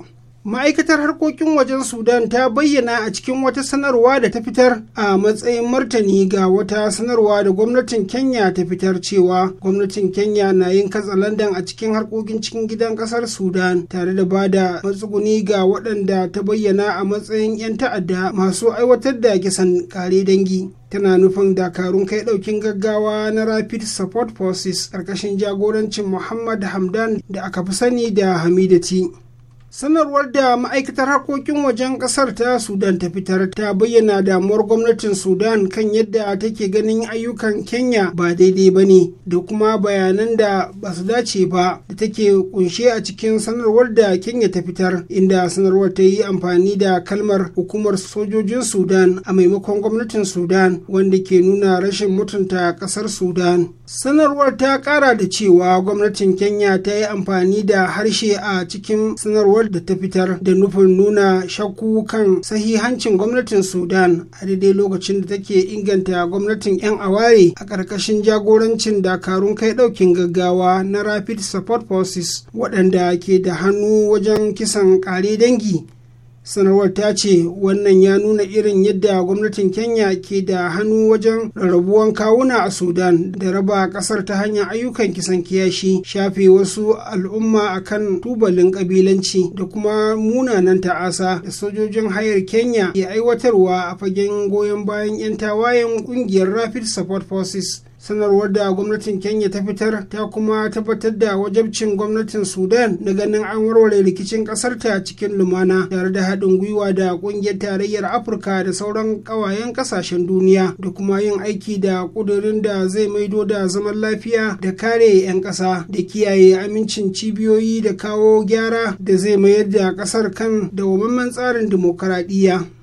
ma'aikatar harkokin wajen sudan ta bayyana a cikin wata sanarwa da ta fitar a matsayin martani ga wata sanarwa da gwamnatin kenya ta fitar cewa gwamnatin kenya na yin katsalandan a cikin harkokin cikin gidan kasar sudan tare da ba da matsuguni ga waɗanda ta bayyana a matsayin 'yan ta'adda masu aiwatar da kisan kare dangi tana nufin dakarun kai daukin gaggawa na rapid support forces ƙarƙashin jagorancin muhammad hamdan da aka fi sani da hamidati sanarwar da ma'aikatar harkokin wajen kasar ta sudan ta fitar ta bayyana damuwar gwamnatin sudan kan yadda take ganin ayyukan kenya ba daidai ba ne da kuma bayanan da ba su dace ba da take kunshe a cikin sanarwar da kenya ta fitar inda sanarwar ta yi amfani da kalmar hukumar sojojin sudan a maimakon gwamnatin sudan wanda ke nuna rashin mutunta kasar sudan sanarwar ta kara da cewa gwamnatin kenya ta yi amfani da harshe a cikin sanarwar da ta fitar da nufin nuna shakku kan sahihancin gwamnatin sudan a daidai lokacin da take inganta gwamnatin 'yan awaye a ƙarƙashin jagorancin dakarun kai ɗaukin gaggawa na rapid support forces waɗanda ke da hannu wajen kisan ƙare dangi sanarwar ta ce wannan ya nuna irin yadda gwamnatin kenya ke da hannu wajen rarrabuwan kawuna a sudan da raba kasar ta hanyar ayyukan kisan kiyashi shafe wasu al'umma akan tubalin kabilanci da kuma munanan ta'asa da sojojin hayar kenya ke aiwatarwa a fagen goyon bayan 'yan tawayen kungiyar rapid support forces sanarwar da gwamnatin kenya ta fitar ta kuma tabbatar da wajabcin gwamnatin sudan na ganin an warware rikicin ƙasarta cikin lumana tare da haɗin gwiwa da ƙungiyar tarayyar afirka da sauran ƙawayen ƙasashen duniya da kuma yin aiki da ƙudurin da zai maido da zaman lafiya da kare 'yan ƙasa da kiyaye amincin cibiyoyi da kawo gyara da zai mayar da ƙasar kan dawamammen tsarin dimokuraɗiyya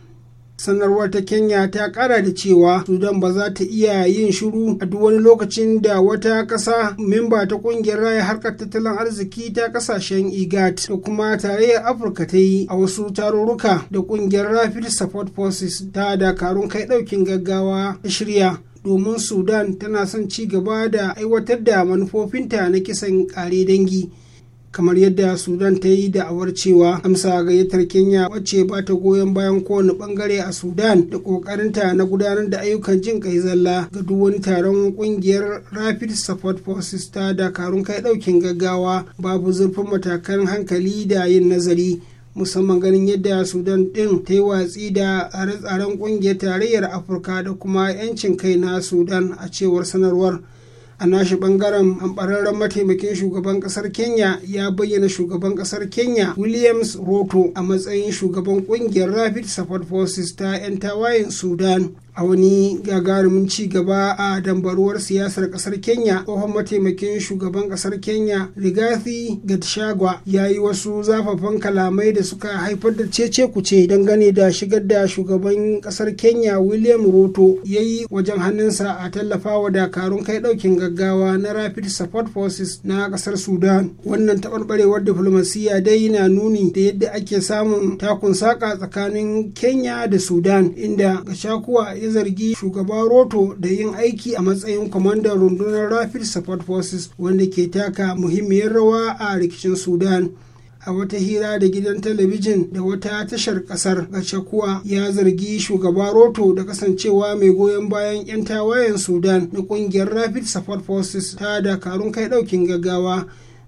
sanarwar ta kenya ta kara da cewa sudan ba za ta iya yin shiru a duk wani lokacin da wata kasa memba ta kungiyar raya harkar tattalin arziki ta ƙasashen igat da kuma tarayyar afirka ta yi a wasu tarurruka da kungiyar rapid support forces ta dakarun kai daukin gaggawa ta shirya domin sudan tana son ci gaba da aiwatar da manufofinta na kisan kare dangi kamar yadda sudan ta yi da'awar cewa amsa gayyatar kenya wacce ba ta goyon bayan kowane bangare a sudan da kokarinta na gudanar da ayyukan jin kai zalla ga duk wani taron kungiyar rapid support forces ta dakarun kai daukin gaggawa babu zurfin matakan hankali da yin nazari musamman ganin yadda sudan din ta yi watsi da tsare-tsaren kungiyar tarayyar afirka da kuma 'yancin kai na sudan a cewar sanarwar a nashi bangaren hambararren mataimakin shugaban Ƙasar kenya ya bayyana shugaban Ƙasar kenya williams roto a matsayin shugaban ƙungiyar rapid support forces ta 'yan tawayen sudan a wani gagarumin ci gaba a dambaruwar siyasar kasar kenya tsohon mataimakin shugaban kasar kenya rigathi gatshagwa ya yi wasu zafafan kalamai da suka haifar da cece kuce dangane da shigar da shugaban kasar kenya william ruto ya yi wajen hannunsa a tallafa wa dakarun kai daukin gaggawa na rapid support forces na kasar sudan wannan taɓarɓarewar diflomasiyya dai na nuni da yadda ake samun takun saƙa tsakanin kenya da sudan inda gashakuwa ya zargi shugaba roto da yin aiki a matsayin kwamandan rundunar rapid support forces wanda ke taka muhimmiyar rawa a rikicin sudan a wata hira da gidan talabijin da wata tashar kasar Gachakuwa ya zargi shugaba Roto da kasancewa mai goyon bayan 'yan tawayen Sudan na kungiyar Rapid Support Forces ta dakarun kai daukin gaggawa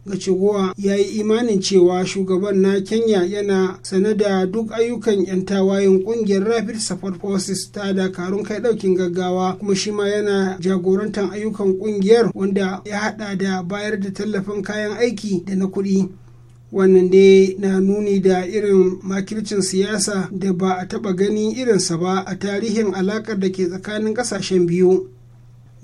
Gachigowa ya yi imanin cewa shugaban na Kenya yana sane da duk ayyukan 'yan tawayen kungiyar Rapid Support Forces ta dakarun kai daukin gaggawa kuma shi ma yana jagorantar ayyukan kungiyar wanda ya hada da bayar da tallafin kayan aiki da na kuɗi. wannan dai na nuni da irin makircin siyasa da ba a taɓa gani irinsa ba a tarihin alaƙar da ke tsakanin ƙasashen biyu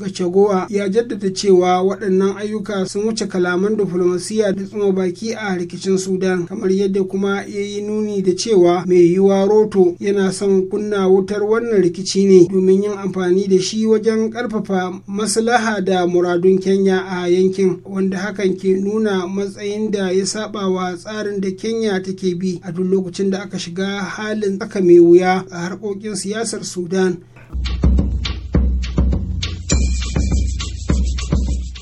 Gachagoa ya jaddada cewa waɗannan ayyuka sun wuce kalaman diflomasiyya da tsuma baki a rikicin Sudan kamar yadda kuma ya yi nuni da cewa mai yiwa Roto yana son kunna wutar wannan rikici ne domin yin amfani da shi wajen ƙarfafa maslaha da muradun Kenya a yankin wanda hakan ke nuna matsayin da ya saba wa tsarin da Kenya take bi a duk lokacin da aka shiga halin tsaka mai wuya a harkokin siyasar Sudan.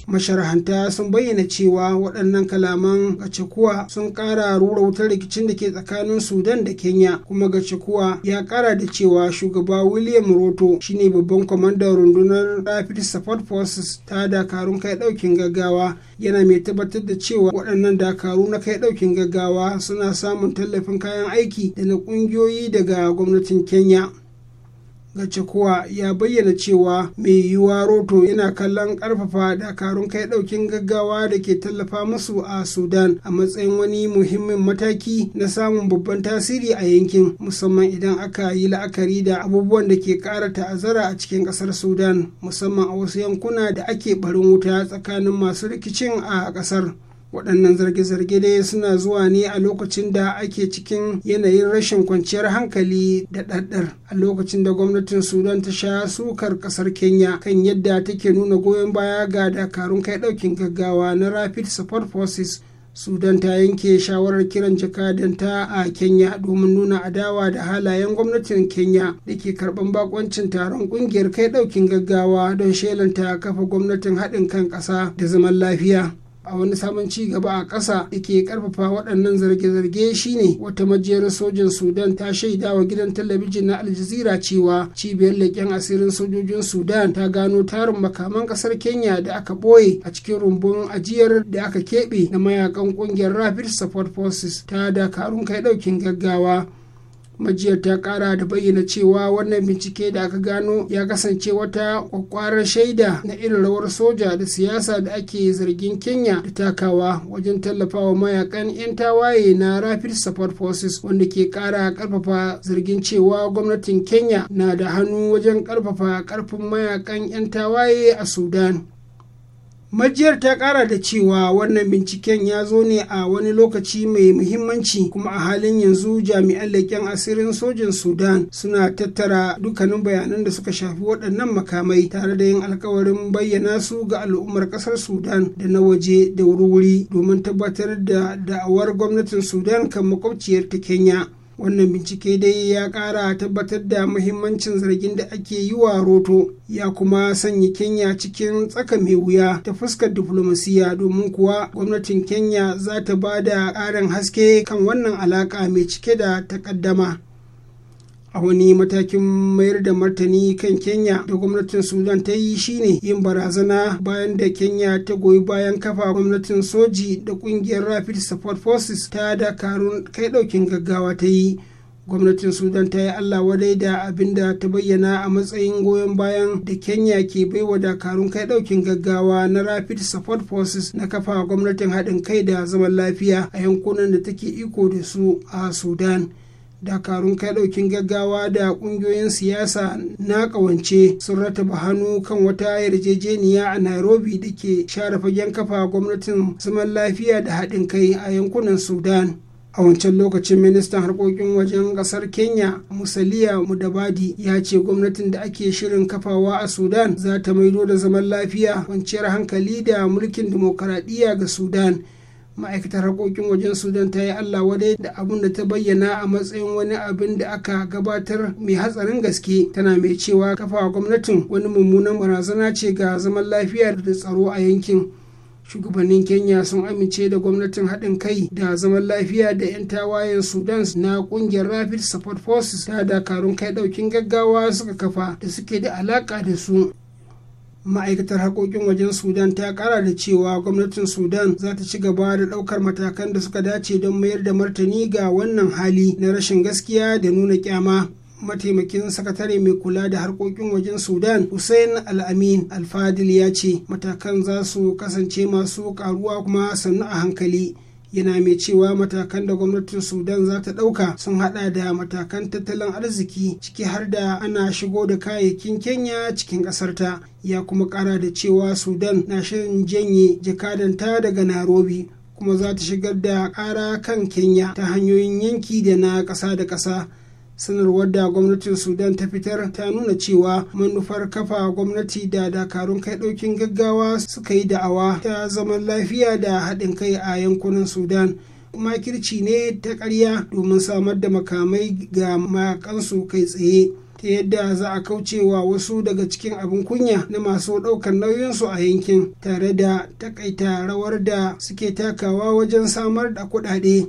masharahanta sun bayyana cewa waɗannan kalaman gacekuwa sun ƙara rura wutar rikicin da ke tsakanin sudan da kenya kuma gacekuwa ya ƙara da cewa shugaba william roto shine babban kwamandan rundunar rapid support forces ta dakarun kai ɗaukin gaggawa yana mai tabbatar da cewa waɗannan dakaru na kai ɗaukin gaggawa suna samun tallafin kayan aiki da na ƙungiyoyi daga gwamnatin kenya Gachakuwa ya bayyana cewa mai yiwuwa Roto yana kallon ƙarfafa dakarun kai ɗaukin gaggawa da ke tallafa musu a Sudan a matsayin wani muhimmin mataki na samun babban tasiri a yankin musamman idan aka yi la'akari da abubuwan da ke ƙara ta'azzara a cikin ƙasar Sudan musamman a wasu yankuna da ake barin wuta tsakanin masu rikicin a ƙasar. waɗannan zarge-zarge dai suna zuwa ne a lokacin da ake cikin yanayin rashin kwanciyar hankali da ɗaɗɗar a lokacin da gwamnatin sudan ta sha sukar ƙasar kenya kan yadda take nuna goyon baya ga dakarun kai ɗaukin gaggawa na rapid support forces sudan ta yanke shawarar kiran jakadanta a kenya domin nuna adawa da halayen gwamnatin kenya da ke karɓar bakoncin taron ƙungiyar kai ɗaukin gaggawa don shelanta kafa gwamnatin haɗin kan ƙasa da zaman lafiya a wani sabon ci gaba a ƙasa da ke ƙarfafa waɗannan zarge-zarge shine wata majiyar Sojan sudan ta shaida wa gidan talabijin na aljazira cewa cibiyar leƙen asirin sojojin sudan ta gano tarin makaman ƙasar kenya da aka ɓoye a cikin rumbun ajiyar da aka keɓe na mayakan ƙungiyar rapid support forces ta dakarun kai ɗaukin gaggawa majiyar ta kara da bayyana cewa wannan bincike da aka gano ya kasance wata kwakwarar shaida na irin rawar soja da siyasa da ake zargin kenya da takawa wajen tallafawa mayakan 'yan tawaye na rapid support forces wanda ke kara karfafa zargin cewa gwamnatin kenya na da hannu wajen karfafa karfin mayakan 'yan tawaye a sudan majiyar ta kara da cewa wannan binciken ya zo ne a wani lokaci mai muhimmanci kuma a halin yanzu jami'an leƙen asirin sojin sudan suna tattara dukkanin bayanan da suka shafi waɗannan makamai tare da yin alkawarin bayyana su ga al'ummar ƙasar sudan da na waje da wuri-wuri domin tabbatar da da'awar gwamnatin sudan kan makwabciyar ta kenya wannan bincike dai ya ƙara tabbatar da muhimmancin zargin da ake yi wa roto ya kuma sanya kenya cikin tsaka mai wuya ta fuskar diflomasiya domin kuwa gwamnatin kenya za ta ba da ƙarin haske kan wannan alaƙa mai cike da takaddama a wani matakin mayar da martani kan kenya da gwamnatin sudan ta yi shine yin barazana bayan da kenya ta goyi bayan kafa gwamnatin soji da kungiyar rapid support forces ta dakarun kai daukin gaggawa ta yi gwamnatin sudan ta yi allah wadai da abin da ta bayyana a matsayin goyon bayan da kenya ke baiwa dakarun kai daukin gaggawa na rapid support forces na kafa gwamnatin haɗin kai da zaman lafiya a yankunan da take iko da su a sudan dakarun kai daukin gaggawa da kungiyoyin siyasa na kawance sun rataba hannu kan wata yarjejeniya a nairobi da ke share fagen kafa gwamnatin zaman lafiya da haɗin kai a yankunan sudan a wancan lokacin ministan harkokin wajen ƙasar kenya musaliya mudabadi ya ce gwamnatin da ake shirin kafawa a sudan za ta maido da zaman lafiya kwanciyar hankali da mulkin dimokuraɗiyya ga sudan ma'aikatar harkokin wajen sudan ta yi allah wadai da abin da ta bayyana a matsayin wani abin da aka gabatar mai hatsarin gaske tana mai cewa kafawa gwamnatin wani mummunan barazana ce ga zaman lafiya da tsaro a yankin shugabannin kenya sun amince da gwamnatin haɗin kai da zaman lafiya da 'yan tawayen sudan na ƙungiyar rapid support forces ta dakarun kai ɗaukin gaggawa suka kafa da suke da alaƙa da su ma'aikatar haƙoƙin wajen sudan ta ƙara da cewa gwamnatin sudan za ta ci gaba da ɗaukar matakan da suka dace don mayar da martani ga wannan hali na rashin gaskiya da nuna kyama mataimakin sakatare mai kula da harkokin wajen sudan hussein al-amin alfadil ya ce matakan za su kasance masu karuwa kuma sannu a hankali yana mai cewa matakan da gwamnatin sudan za ta ɗauka sun haɗa da matakan tattalin arziki ciki har da ana shigo da kayayyakin kenya cikin ƙasarta ya kuma ƙara da cewa sudan na shirin janye jakadanta daga nairobi kuma za ta shigar da ƙara kan kenya ta hanyoyin yanki da na ƙasa da ƙasa sanarwar da gwamnatin sudan ta fitar ta nuna cewa manufar kafa gwamnati da dakarun kai ɗaukin gaggawa suka yi da'awa ta zaman lafiya da haɗin kai a yankunan sudan makirci ne ta karya domin samar da makamai ga makansu kai tsaye ta yadda za a kaucewa wasu daga cikin abin kunya na masu ɗaukar nauyinsu a yankin tare da takaita rawar da suke takawa wajen samar da kuɗaɗe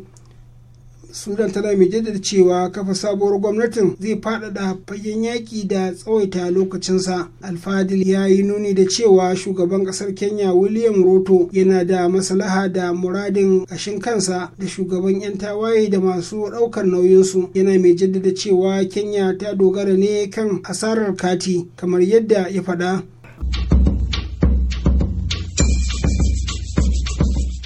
sudan tana mai jaddada cewa kafa sabuwar gwamnatin zai faɗaɗa fagen yaƙi da tsawaita lokacinsa alfadil ya yi nuni da cewa shugaban ƙasar kenya william ruto yana da maslaha da muradin ƙashin kansa da shugaban 'yan tawaye da masu ɗaukar nauyinsu yana mai jaddada cewa kenya ta dogara ne kan asarar kati kamar yadda ya faɗa